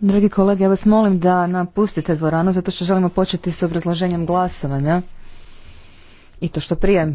Dragi kolege, ja vas molim da napustite dvoranu zato što želimo početi s obrazloženjem glasovanja i to što prije.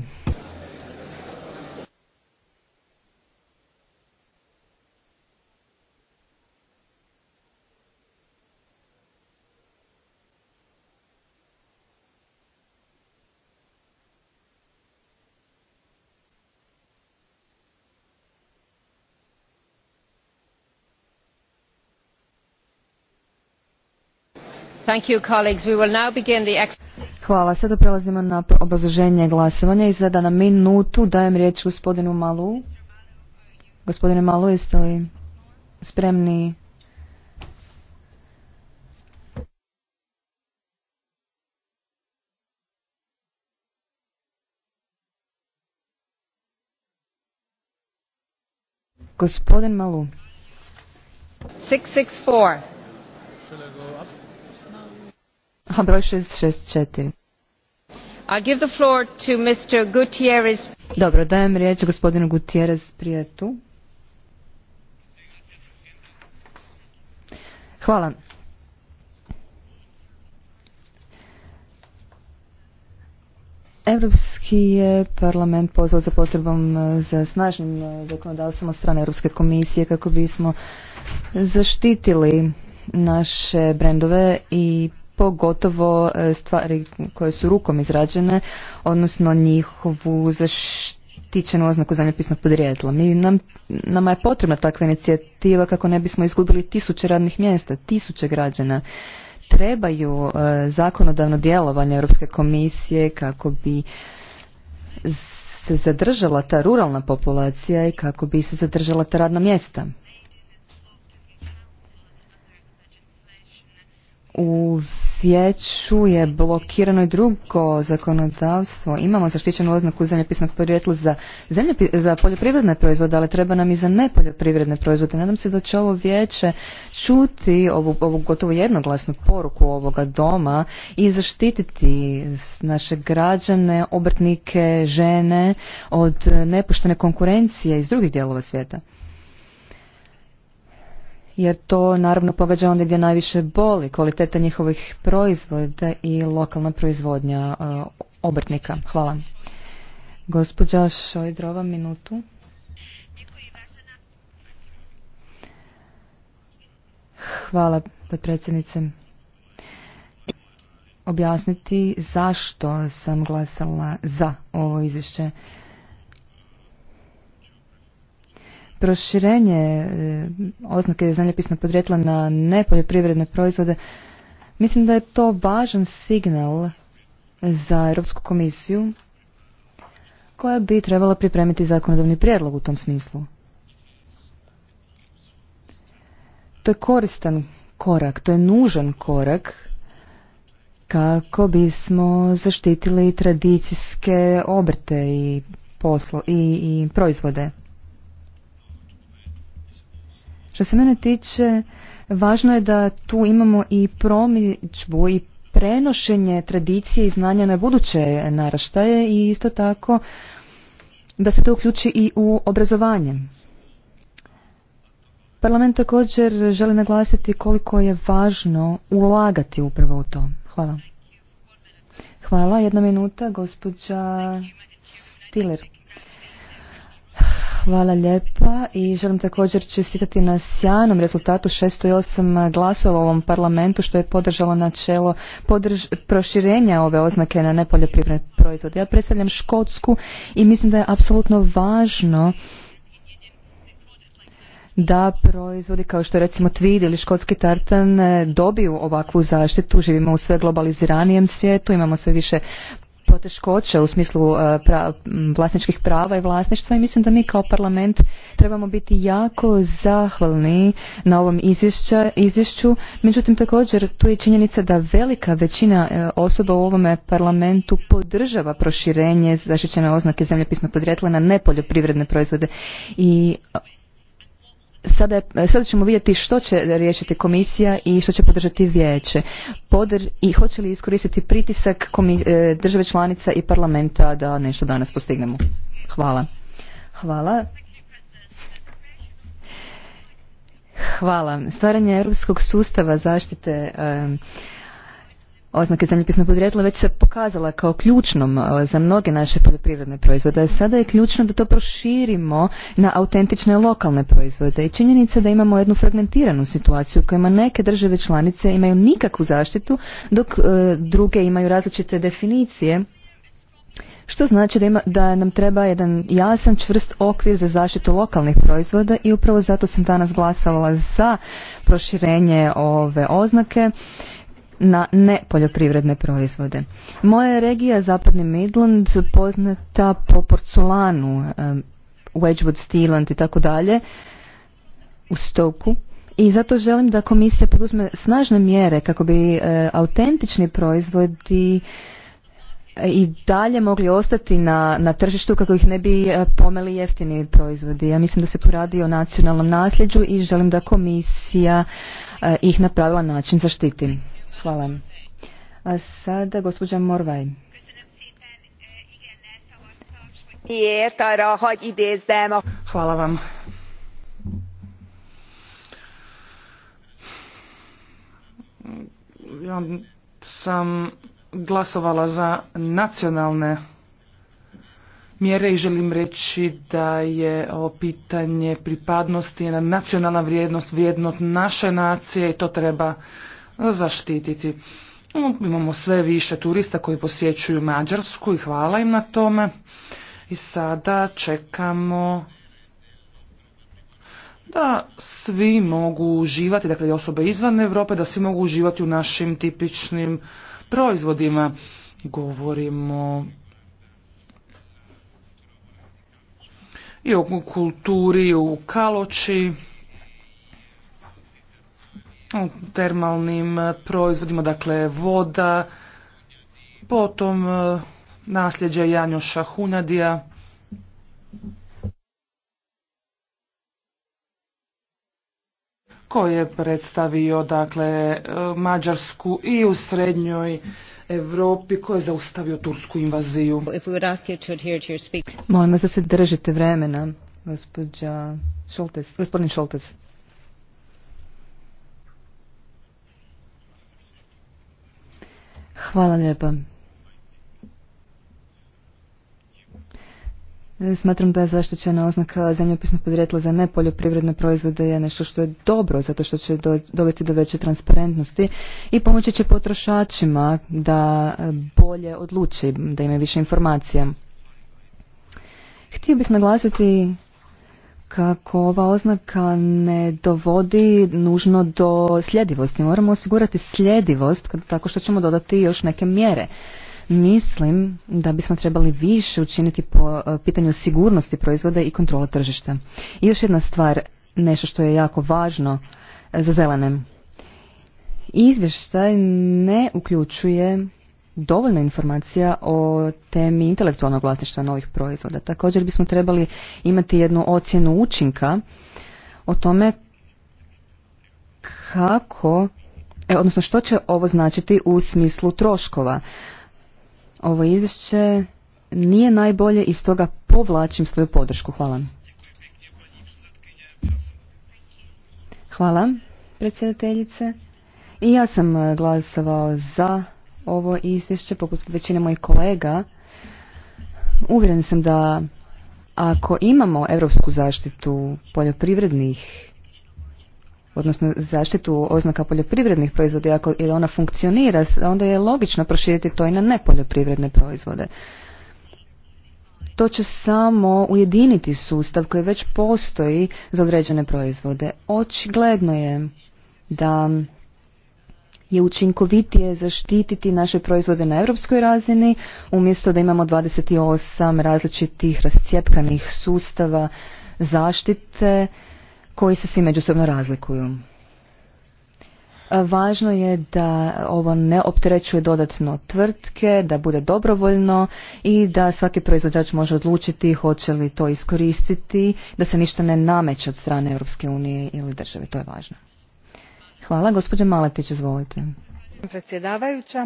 Thank you, colleagues. We will now begin the... Hvala. Sada prelazimo na obrazloženje glasovanja i sada na minutu dajem riječ gospodinu Malu. Gospodine Malu, jeste li spremni Gospodin Malu. 664. Pa, broj 664. I give the floor Dobro, dajem riječ gospodinu Gutierrez Prijetu. Hvala. Europski je parlament pozvao za potrebom e, za snažnim e, zakonodavstvom od strane Europske komisije kako bismo zaštitili naše brendove i pogotovo e, stvari koje su rukom izrađene, odnosno njihovu zaštićenu oznaku zemljopisnog podrijetla. Mi, nam, nama je potrebna takva inicijativa kako ne bismo izgubili tisuće radnih mjesta, tisuće građana. Trebaju e, zakonodavno djelovanje Europske komisije kako bi se zadržala ta ruralna populacija i kako bi se zadržala ta radna mjesta. U vijeću je blokirano i drugo zakonodavstvo. Imamo zaštićenu oznaku zemljopisnog porijetla za, za poljoprivredne proizvode, ali treba nam i za nepoljoprivredne proizvode. Nadam se da će ovo vijeće čuti ovu, ovu gotovo jednoglasnu poruku ovoga doma i zaštititi naše građane, obrtnike, žene od nepoštene konkurencije iz drugih dijelova svijeta jer to naravno pogađa onda gdje najviše boli kvaliteta njihovih proizvoda i lokalna proizvodnja e, obrtnika. Hvala. Gospođa Šojdrova, minutu. Hvala, potpredsjednice. Objasniti zašto sam glasala za ovo izvješće proširenje e, oznake zemljopisnog podrijetla na nepoljoprivredne proizvode, mislim da je to važan signal za Europsku komisiju koja bi trebala pripremiti zakonodavni prijedlog u tom smislu. To je koristan korak, to je nužan korak kako bismo zaštitili tradicijske obrte i, i proizvode. Što se mene tiče, važno je da tu imamo i promičbu i prenošenje tradicije i znanja na buduće naraštaje i isto tako da se to uključi i u obrazovanje. Parlament također želi naglasiti koliko je važno ulagati upravo u to. Hvala. Hvala. Jedna minuta, gospođa Stiller. Hvala lijepa i želim također čestitati na sjajnom rezultatu 608 glasova u ovom parlamentu što je podržalo načelo podrž, proširenja ove oznake na nepoljoprivredne proizvode. Ja predstavljam Škotsku i mislim da je apsolutno važno da proizvodi kao što je recimo tvid ili škotski tartan eh, dobiju ovakvu zaštitu. Živimo u sve globaliziranijem svijetu, imamo sve više poteškoće u smislu e, pra, vlasničkih prava i vlasništva i mislim da mi kao parlament trebamo biti jako zahvalni na ovom izvješću. Međutim, također tu je činjenica da velika većina e, osoba u ovome parlamentu podržava proširenje zaštićene oznake zemljopisnog podrijetla na nepoljoprivredne proizvode i sada, ćemo vidjeti što će riješiti komisija i što će podržati vijeće. podr i hoće li iskoristiti pritisak e, države članica i parlamenta da nešto danas postignemo. Hvala. Hvala. Hvala. Stvaranje europskog sustava zaštite oznake zemljopisnog podrijetla već se pokazala kao ključnom e, za mnoge naše poljoprivredne proizvode. Sada je ključno da to proširimo na autentične lokalne proizvode i činjenica da imamo jednu fragmentiranu situaciju u kojima neke države članice imaju nikakvu zaštitu dok e, druge imaju različite definicije što znači da, da nam treba jedan jasan, čvrst okvir za zaštitu lokalnih proizvoda i upravo zato sam danas glasovala za proširenje ove oznake na nepoljoprivredne proizvode. Moja regija, Zapadni Midland, poznata po porculanu, Wedgwood, Steeland i tako dalje, u Stoku. I zato želim da komisija poduzme snažne mjere kako bi e, autentični proizvodi e, i dalje mogli ostati na, na tržištu kako ih ne bi e, pomeli jeftini proizvodi. Ja mislim da se tu radi o nacionalnom nasljeđu i želim da komisija ih na pravilan način zaštiti. Hvala. A sada gospođa Morvaj. Hvala vam. Ja sam glasovala za nacionalne mjere i želim reći da je ovo pitanje pripadnosti na nacionalna vrijednost, vrijednost naše nacije i to treba zaštititi. Imamo sve više turista koji posjećuju Mađarsku i hvala im na tome. I sada čekamo da svi mogu uživati, dakle osobe izvan Europe, da svi mogu uživati u našim tipičnim proizvodima. Govorimo i o kulturi u Kaloči termalnim e, proizvodima, dakle voda, potom e, nasljeđe Janjoša Hunadija. koji je predstavio dakle e, Mađarsku i u srednjoj Europi koji je zaustavio tursku invaziju. Molim vas da se držite vremena, gospodin Šoltes. Hvala lijepa. Smatram da je zaštićena oznaka zemljopisnog podrijetla za nepoljoprivredne proizvode je nešto što je dobro, zato što će dovesti do veće transparentnosti i pomoći će potrošačima da bolje odluči, da imaju više informacija. Htio bih naglasiti kako ova oznaka ne dovodi nužno do sljedivosti. Moramo osigurati sljedivost tako što ćemo dodati još neke mjere. Mislim da bismo trebali više učiniti po e, pitanju sigurnosti proizvoda i kontrole tržišta. I još jedna stvar, nešto što je jako važno e, za zelene. Izvještaj ne uključuje dovoljno informacija o temi intelektualnog vlasništva novih proizvoda. Također bismo trebali imati jednu ocjenu učinka o tome kako, e, odnosno što će ovo značiti u smislu troškova. Ovo izvješće nije najbolje i stoga povlačim svoju podršku. Hvala. Hvala, predsjedateljice. I ja sam glasovao za ovo izvješće, poput većine mojih kolega, uvjeren sam da ako imamo europsku zaštitu poljoprivrednih odnosno zaštitu oznaka poljoprivrednih proizvoda, ako je ona funkcionira, onda je logično proširiti to i na nepoljoprivredne proizvode. To će samo ujediniti sustav koji već postoji za određene proizvode. Očigledno je da je učinkovitije zaštititi naše proizvode na europskoj razini umjesto da imamo 28 različitih rascijepkanih sustava zaštite koji se svi međusobno razlikuju. Važno je da ovo ne opterećuje dodatno tvrtke, da bude dobrovoljno i da svaki proizvođač može odlučiti hoće li to iskoristiti, da se ništa ne nameće od strane Europske unije ili države. To je važno. Hvala. Gospođa Maletić, izvolite. Predsjedavajuća,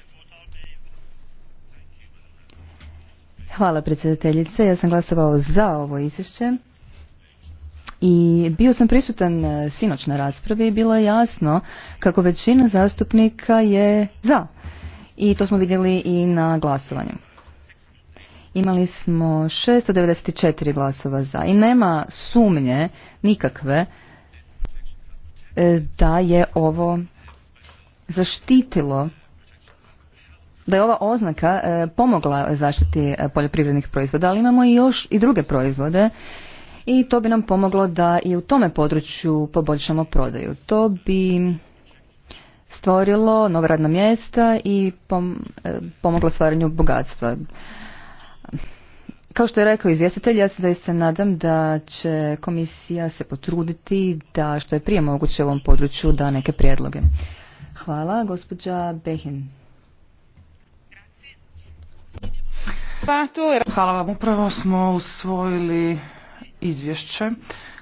Hvala predsjedateljice. Ja sam glasovao za ovo izvješće. I bio sam prisutan e, sinoć na raspravi i bilo je jasno kako većina zastupnika je za. I to smo vidjeli i na glasovanju. Imali smo 694 glasova za i nema sumnje nikakve e, da je ovo zaštitilo da je ova oznaka e, pomogla zaštiti e, poljoprivrednih proizvoda, ali imamo i još i druge proizvode i to bi nam pomoglo da i u tome području poboljšamo prodaju. To bi stvorilo nova radna mjesta i e, pomoglo stvaranju bogatstva. Kao što je rekao izvjestitelj, ja se doista nadam da će komisija se potruditi da što je prije moguće u ovom području da neke prijedloge. Hvala, gospođa Behin. Hvala vam. Upravo smo usvojili izvješće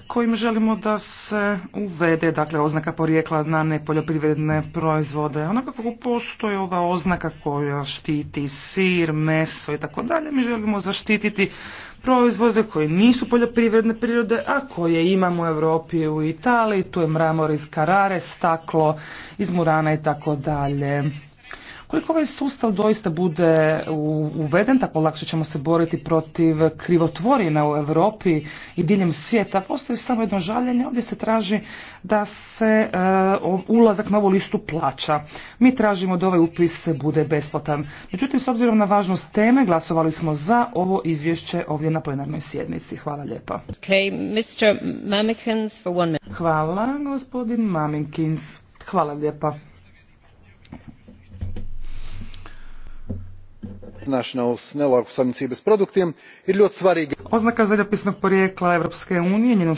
kojim želimo da se uvede dakle oznaka porijekla na nepoljoprivredne proizvode. Onako kako postoji ova oznaka koja štiti sir, meso i tako dalje, mi želimo zaštititi proizvode koji nisu poljoprivredne prirode, a koje imamo u Europi i u Italiji, tu je mramor iz Karare, staklo iz Murana i tako dalje. Koliko ovaj sustav doista bude uveden, tako lakše ćemo se boriti protiv krivotvorina u Europi i diljem svijeta. Postoji samo jedno žaljenje, ovdje se traži da se e, ulazak na ovu listu plaća. Mi tražimo da ovaj upis bude besplatan. Međutim, s obzirom na važnost teme, glasovali smo za ovo izvješće ovdje na plenarnoj sjednici. Hvala lijepa. Hvala, gospodin Mamikins. Hvala lijepa. oznaka zemljopisnog porijekla europske unije njeno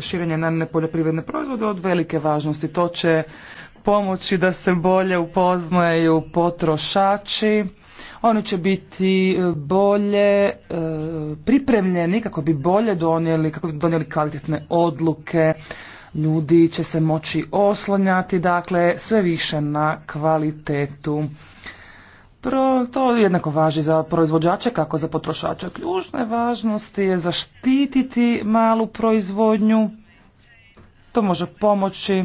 širenje na, nepoljoprivredne proizvode od velike važnosti to će pomoći da se bolje upoznaju potrošači oni će biti e, bolje e, pripremljeni kako bi bolje donijeli, kako bi donijeli kvalitetne odluke. Ljudi će se moći oslanjati, dakle, sve više na kvalitetu Pro, to jednako važi za proizvođače kako za potrošače. Ključne važnosti je zaštititi malu proizvodnju. To može pomoći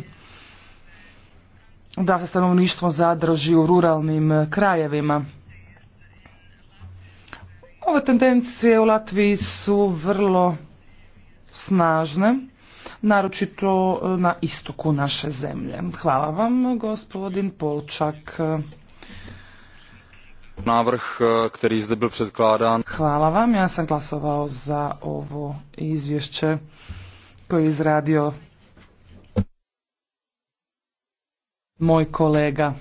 da se stanovništvo zadrži u ruralnim krajevima. Ove tendencije u Latviji su vrlo snažne, naročito na istoku naše zemlje. Hvala vam, gospodin Polčak návrh, eh, který zde byl předkládán. Hvala vam, ja sam glasovao za ovo izvješće koje je izradio moj kolega.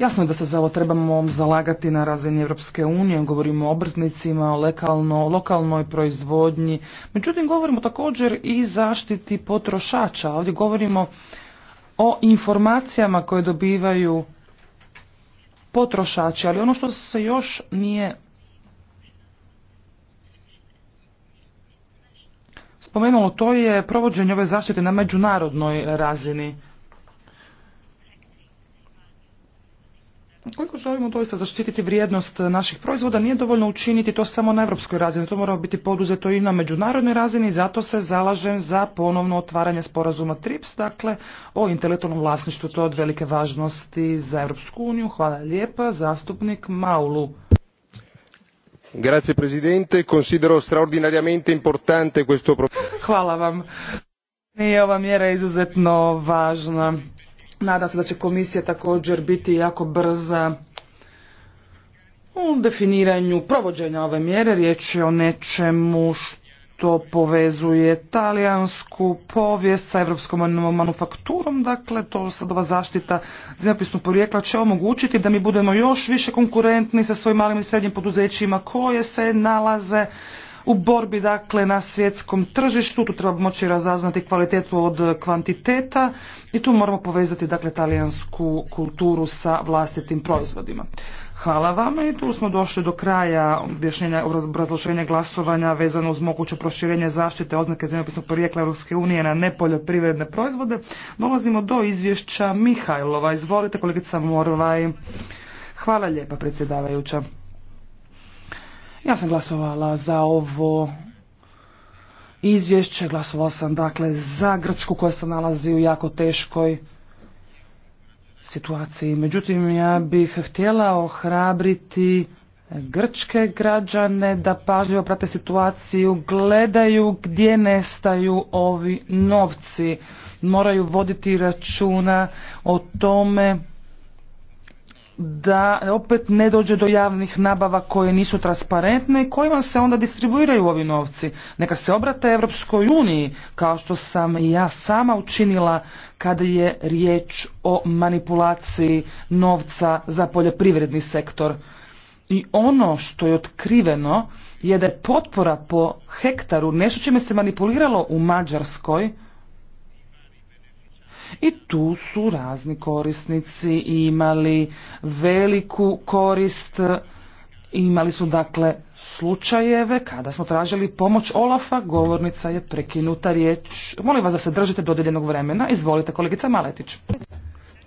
Jasno je da se za ovo trebamo zalagati na razini Europske unije, govorimo o obrtnicima, o lokalnoj proizvodnji, međutim govorimo također i zaštiti potrošača. Ovdje govorimo o informacijama koje dobivaju potrošači, ali ono što se još nije spomenulo, to je provođenje ove zaštite na međunarodnoj razini. Koliko želimo doista zaštititi vrijednost naših proizvoda, nije dovoljno učiniti to samo na europskoj razini. To mora biti poduzeto i na međunarodnoj razini i zato se zalažem za ponovno otvaranje sporazuma TRIPS, dakle o intelektualnom vlasništvu. To je od velike važnosti za Europsku uniju. Hvala lijepa. Zastupnik Maulu. Grazie Presidente, considero straordinariamente importante questo Hvala vam. I ova mjera je izuzetno važna. Nadam se da će komisija također biti jako brza u definiranju provođenja ove mjere. Riječ je o nečemu što povezuje talijansku povijest sa evropskom manufakturom. Dakle, to sad ova zaštita zemljopisnog porijekla će omogućiti da mi budemo još više konkurentni sa svojim malim i srednjim poduzećima koje se nalaze u borbi dakle na svjetskom tržištu, tu treba moći razaznati kvalitetu od kvantiteta i tu moramo povezati dakle talijansku kulturu sa vlastitim proizvodima. Hvala vama i tu smo došli do kraja objašnjenja obrazloženja glasovanja vezano uz moguće proširenje zaštite oznake zemljopisnog porijekla Europske unije na nepoljoprivredne proizvode. Dolazimo do izvješća Mihajlova. Izvolite kolegica Morvaj. Hvala lijepa predsjedavajuća. Ja sam glasovala za ovo izvješće, glasovala sam dakle za Grčku koja se nalazi u jako teškoj situaciji. Međutim, ja bih htjela ohrabriti grčke građane da pažljivo prate situaciju, gledaju gdje nestaju ovi novci, moraju voditi računa o tome da opet ne dođe do javnih nabava koje nisu transparentne i kojima se onda distribuiraju ovi novci. Neka se obrate Europskoj uniji, kao što sam i ja sama učinila kada je riječ o manipulaciji novca za poljoprivredni sektor. I ono što je otkriveno je da je potpora po hektaru nešto čime se manipuliralo u Mađarskoj, i tu su razni korisnici imali veliku korist, imali su dakle slučajeve kada smo tražili pomoć Olafa, govornica je prekinuta riječ. Molim vas da se držite dodeljenog vremena. Izvolite kolegica Maletić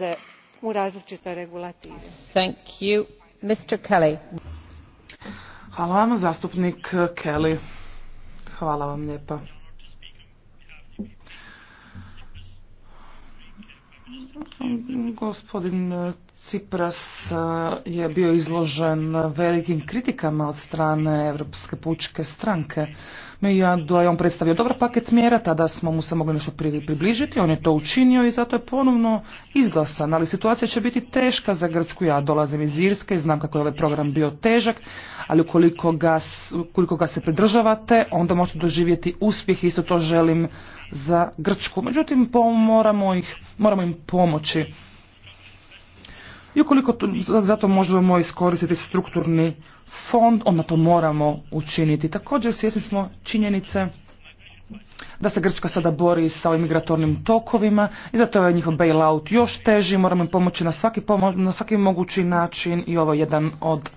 ulaze u različite regulative. Thank you. Mr. Kelly. Hvala vam, zastupnik Kelly. Hvala vam lijepa. Gospodin Cipras e, je bio izložen velikim kritikama od strane Europske pučke stranke. Mi je on predstavio dobar paket mjera, tada smo mu se mogli nešto približiti, on je to učinio i zato je ponovno izglasan. Ali situacija će biti teška za Grčku. Ja dolazim iz Irske i znam kako je ovaj program bio težak, ali ukoliko ga, ukoliko ga se pridržavate, onda možete doživjeti uspjeh i isto to želim za Grčku. Međutim, moramo, ih, moramo im pomoći. I ukoliko to, zato možemo iskoristiti strukturni fond, onda to moramo učiniti. Također svjesni smo činjenice da se Grčka sada bori sa ovim migratornim tokovima i zato je njihov bailout još teži, moramo im pomoći na svaki, na svaki mogući način i ovo je jedan od,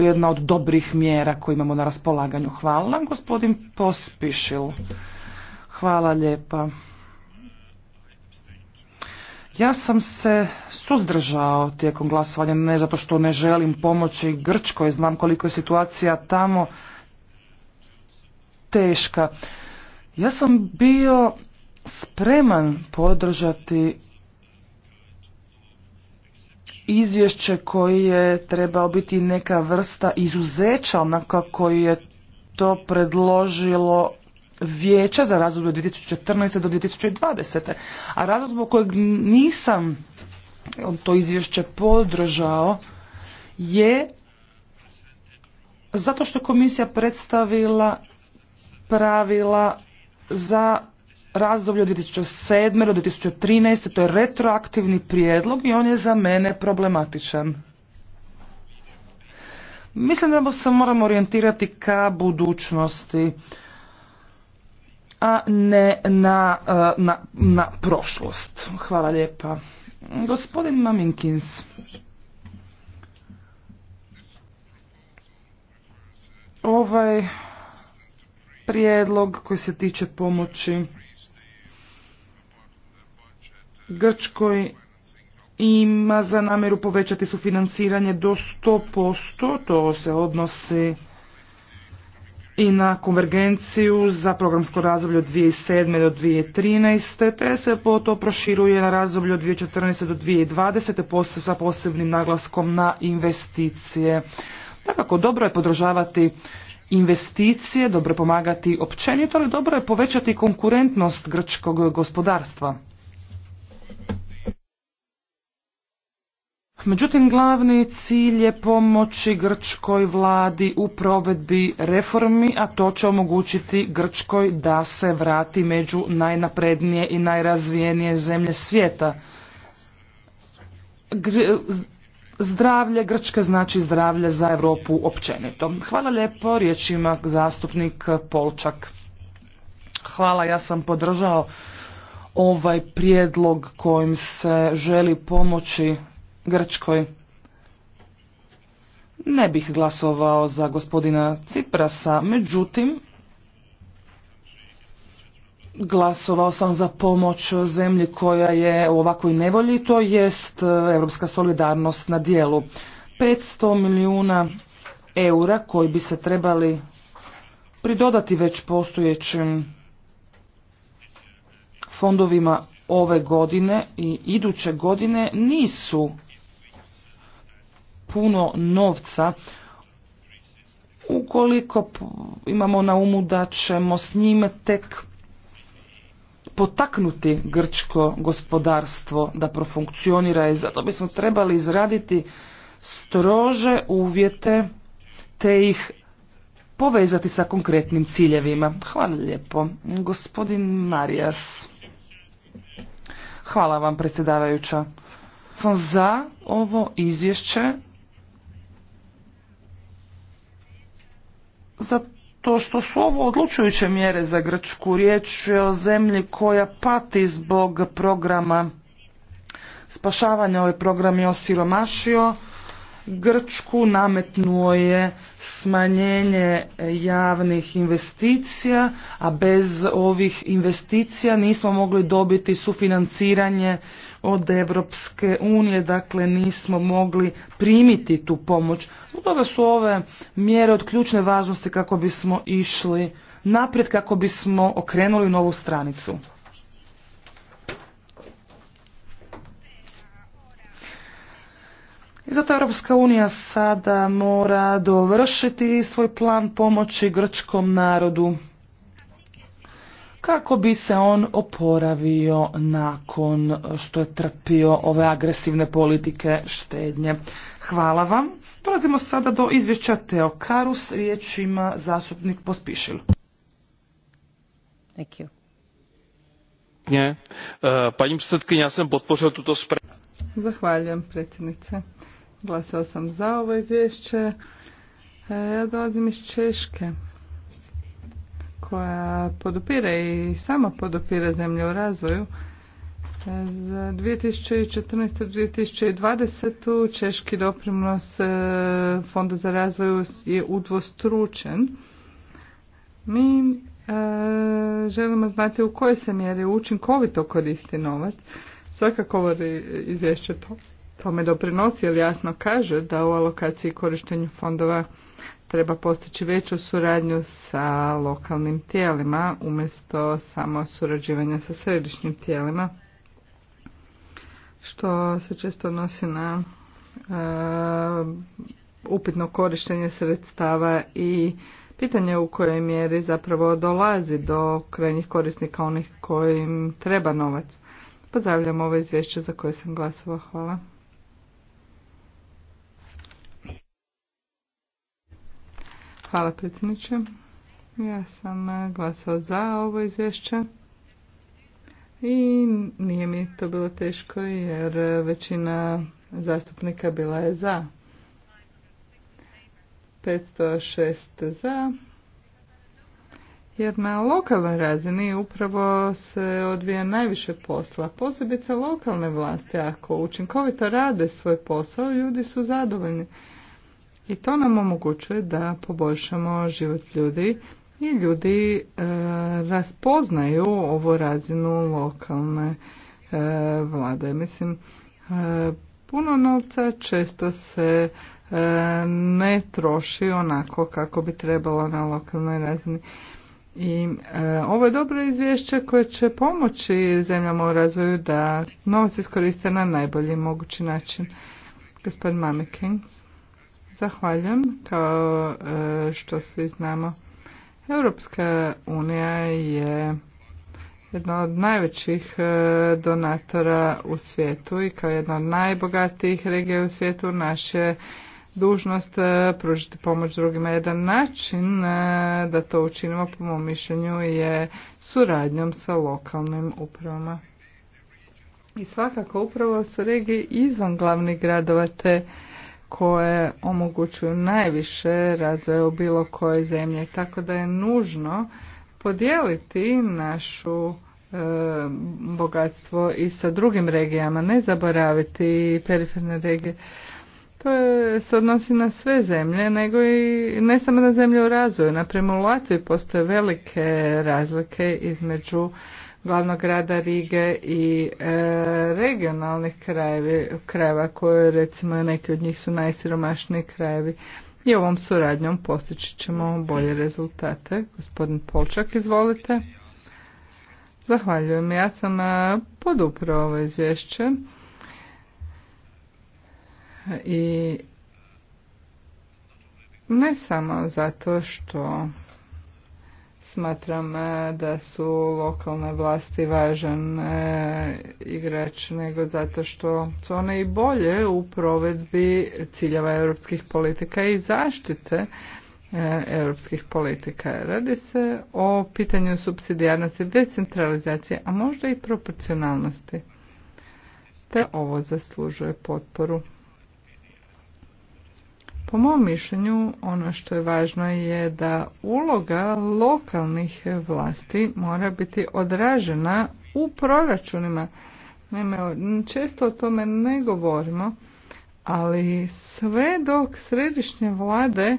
jedna od dobrih mjera koje imamo na raspolaganju. Hvala, gospodin Pospišil. Hvala lijepa. Ja sam se suzdržao tijekom glasovanja, ne zato što ne želim pomoći Grčkoj, znam koliko je situacija tamo teška. Ja sam bio spreman podržati izvješće koje je trebao biti neka vrsta izuzeća onako koji je to predložilo vijeća za razdoblje od 2014. do 2020. A razlog zbog kojeg nisam to izvješće podržao je zato što je komisija predstavila pravila za razdoblje od 2007. do 2013. To je retroaktivni prijedlog i on je za mene problematičan. Mislim da se moramo orijentirati ka budućnosti a ne na, e, na, na prošlost. Hvala lijepa. Gospodin Maminkins. Ovaj prijedlog koji se tiče pomoći Grčkoj ima za namjeru povećati sufinanciranje do 100%, to se odnosi i na konvergenciju za programsko razdoblje od 2007. do 2013. te se po to proširuje na razdoblje od 2014. do 2020. dvadeset sa posebnim naglaskom na investicije. Dakako, dobro je podržavati investicije, dobro je pomagati općenito, ali dobro je povećati konkurentnost grčkog gospodarstva. Međutim, glavni cilj je pomoći grčkoj vladi u provedbi reformi, a to će omogućiti Grčkoj da se vrati među najnaprednije i najrazvijenije zemlje svijeta. zdravlje Grčke znači zdravlje za Europu općenito. Hvala lijepo ima zastupnik Polčak. Hvala, ja sam podržao ovaj prijedlog kojim se želi pomoći Grčkoj. Ne bih glasovao za gospodina Ciprasa, međutim, glasovao sam za pomoć zemlji koja je u ovakvoj nevolji, to jest europska solidarnost na dijelu. 500 milijuna eura koji bi se trebali pridodati već postojećim fondovima ove godine i iduće godine nisu puno novca ukoliko imamo na umu da ćemo s njime tek potaknuti grčko gospodarstvo da profunkcionira i zato bismo trebali izraditi strože uvjete te ih povezati sa konkretnim ciljevima. Hvala lijepo. Gospodin Marijas. Hvala vam predsjedavajuća. Sam za ovo izvješće zato što su ovo odlučujuće mjere za Grčku. Riječ je o zemlji koja pati zbog programa spašavanja. Ovaj program je osiromašio. Grčku nametnuo je smanjenje javnih investicija, a bez ovih investicija nismo mogli dobiti sufinanciranje od Evropske unije, dakle nismo mogli primiti tu pomoć. Zbog toga su ove mjere od ključne važnosti kako bismo išli naprijed, kako bismo okrenuli novu stranicu. I zato Europska unija sada mora dovršiti svoj plan pomoći grčkom narodu kako bi se on oporavio nakon što je trpio ove agresivne politike štednje. Hvala vam. Dolazimo sada do izvješća Teo Karus. Riječ ima zastupnik Pospišil. Thank you. E, ja sam tuto Zahvaljujem, predsjednice. Glasao sam za ovo izvješće. E, ja dolazim iz Češke koja podupire i sama podupire zemlje u razvoju. Za 2014. 2020. češki doprinos e, Fonda za razvoj je udvostručen. Mi e, želimo znati u kojoj se mjeri učinkovito koristi novac. Svakako ovo izvješće to, tome doprinosi, ali jasno kaže da u alokaciji korištenju fondova treba postići veću suradnju sa lokalnim tijelima umjesto samo surađivanja sa središnjim tijelima što se često odnosi na e, upitno korištenje sredstava i pitanje u kojoj mjeri zapravo dolazi do krajnjih korisnika onih kojim treba novac. Pozdravljam ovo izvješće za koje sam glasovao. Hvala. Hvala predsjedniče. Ja sam e, glasao za ovo izvješće i nije mi to bilo teško jer e, većina zastupnika bila je za. 506 za. Jer na lokalnoj razini upravo se odvija najviše posla, posebice lokalne vlasti. Ako učinkovito rade svoj posao, ljudi su zadovoljni. I to nam omogućuje da poboljšamo život ljudi i ljudi e, raspoznaju ovu razinu lokalne e, vlade. Mislim, e, puno novca često se ne troši onako kako bi trebalo na lokalnoj razini. I ovo je dobro izvješće koje će pomoći zemljama u razvoju da novac iskoriste na najbolji mogući način. Gospodin Kings. Zahvaljujem. Kao e, što svi znamo, Europska unija je jedna od najvećih e, donatora u svijetu i kao jedna od najbogatijih regija u svijetu naše dužnost e, pružiti pomoć drugima. Jedan način da to učinimo, po mom mišljenju, je suradnjom sa lokalnim upravama. I svakako upravo su regije izvan glavnih gradova te koje omogućuju najviše razvoja u bilo koje zemlje. Tako da je nužno podijeliti našu e, bogatstvo i sa drugim regijama, ne zaboraviti periferne regije. To je, se odnosi na sve zemlje, nego i ne samo na zemlje u razvoju. Naprema u Latviji postoje velike razlike između glavnog grada Rige i e, regionalnih krajevi, krajeva koje recimo neki od njih su najsiromašniji krajevi i ovom suradnjom postići ćemo bolje rezultate. Gospodin Polčak, izvolite. Zahvaljujem. Ja sam e, poduprao ovo izvješće i ne samo zato što Smatram e, da su lokalne vlasti važan e, igrač nego zato što su one i bolje u provedbi ciljeva europskih politika i zaštite e, europskih politika. Radi se o pitanju subsidijarnosti, decentralizacije, a možda i proporcionalnosti. Te ovo zaslužuje potporu. Po mom mišljenju ono što je važno je da uloga lokalnih vlasti mora biti odražena u proračunima. Naime, često o tome ne govorimo, ali sve dok središnje vlade e,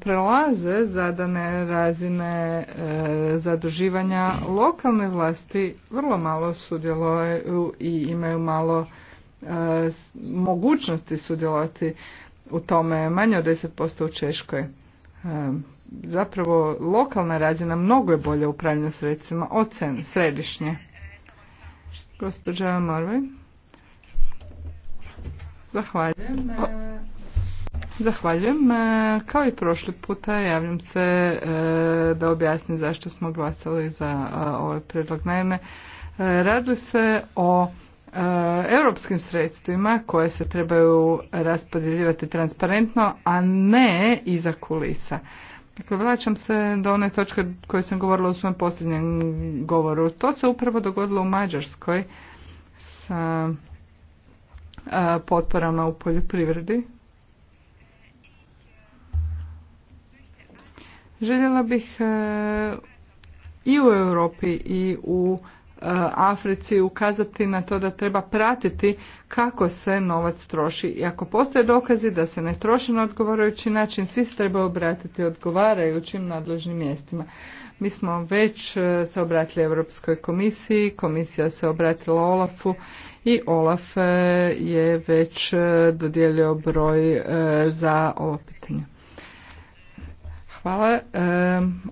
prelaze zadane razine e, zaduživanja lokalne vlasti vrlo malo sudjeluju i imaju malo e, mogućnosti sudjelovati u tome manje od 10% u Češkoj. E, zapravo lokalna razina mnogo je bolje upravljanja sredstvima od središnje. Gospođa Morvej. Zahvaljujem. Zahvaljujem. E, kao i prošli puta javljam se e, da objasnim zašto smo glasali za ovaj predlog. Naime, radili se o E, europskim sredstvima koje se trebaju raspodjeljivati transparentno, a ne iza kulisa. Dakle, vraćam se do one točke kojoj sam govorila u svom posljednjem govoru. To se upravo dogodilo u Mađarskoj sa e, potporama u poljoprivredi. Željela bih e, i u Europi i u Africi ukazati na to da treba pratiti kako se novac troši. I ako postoje dokazi da se ne troši na odgovarajući način, svi se treba obratiti odgovarajućim nadležnim mjestima. Mi smo već e, se obratili Europskoj komisiji, komisija se obratila Olafu i Olaf e, je već e, dodijelio broj za ovo pitanje. Hvala. E,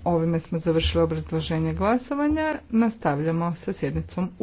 ovime smo završili obrazloženje glasovanja. Nastavljamo sa sjednicom u